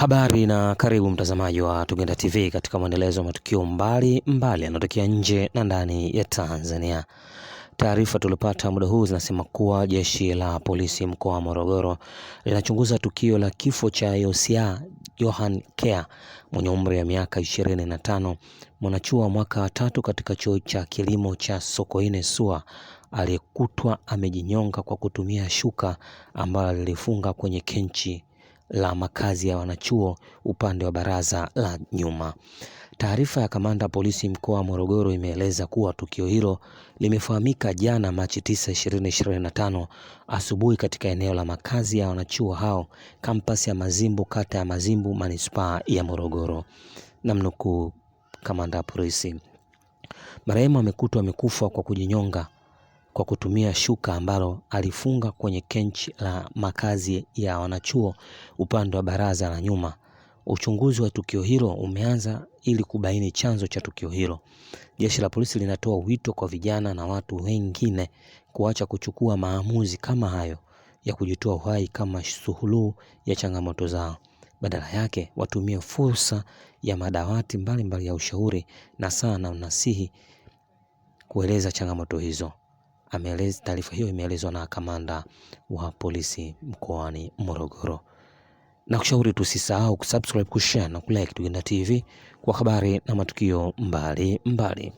Habari na karibu mtazamaji wa Tugenda TV katika mwendelezo wa matukio mbali mbali yanayotokea nje na ndani ya Tanzania. Taarifa tuliopata muda huu zinasema kuwa jeshi la polisi mkoa wa Morogoro linachunguza tukio la kifo cha Yosia Johan Kea mwenye umri wa miaka 25, mwanachuo wa mwaka wa tatu katika chuo cha kilimo cha Sokoine SUA aliyekutwa amejinyonga kwa kutumia shuka ambalo lilifunga kwenye kenchi la makazi ya wanachuo upande wa baraza la nyuma. Taarifa ya kamanda polisi mkoa wa Morogoro imeeleza kuwa tukio hilo limefahamika jana Machi 9, 2025 asubuhi katika eneo la makazi ya wanachuo hao kampasi ya Mazimbu, kata ya Mazimbu, manispaa ya Morogoro. Namnukuu kamanda polisi, marehemu amekutwa amekufa kwa kujinyonga kwa kutumia shuka ambalo alifunga kwenye kenchi la makazi ya wanachuo upande wa baraza la nyuma. Uchunguzi wa tukio hilo umeanza ili kubaini chanzo cha tukio hilo. Jeshi la polisi linatoa wito kwa vijana na watu wengine kuacha kuchukua maamuzi kama hayo ya kujitoa uhai kama suluhu ya changamoto zao. Badala yake watumie fursa ya madawati mbalimbali mbali ya ushauri na saa na unasihi kueleza changamoto hizo. Taarifa hiyo imeelezwa na kamanda wa polisi mkoani Morogoro na kushauri tusisahau kusubscribe, kushare na kulike Tugenda TV kwa habari na matukio mbali mbali.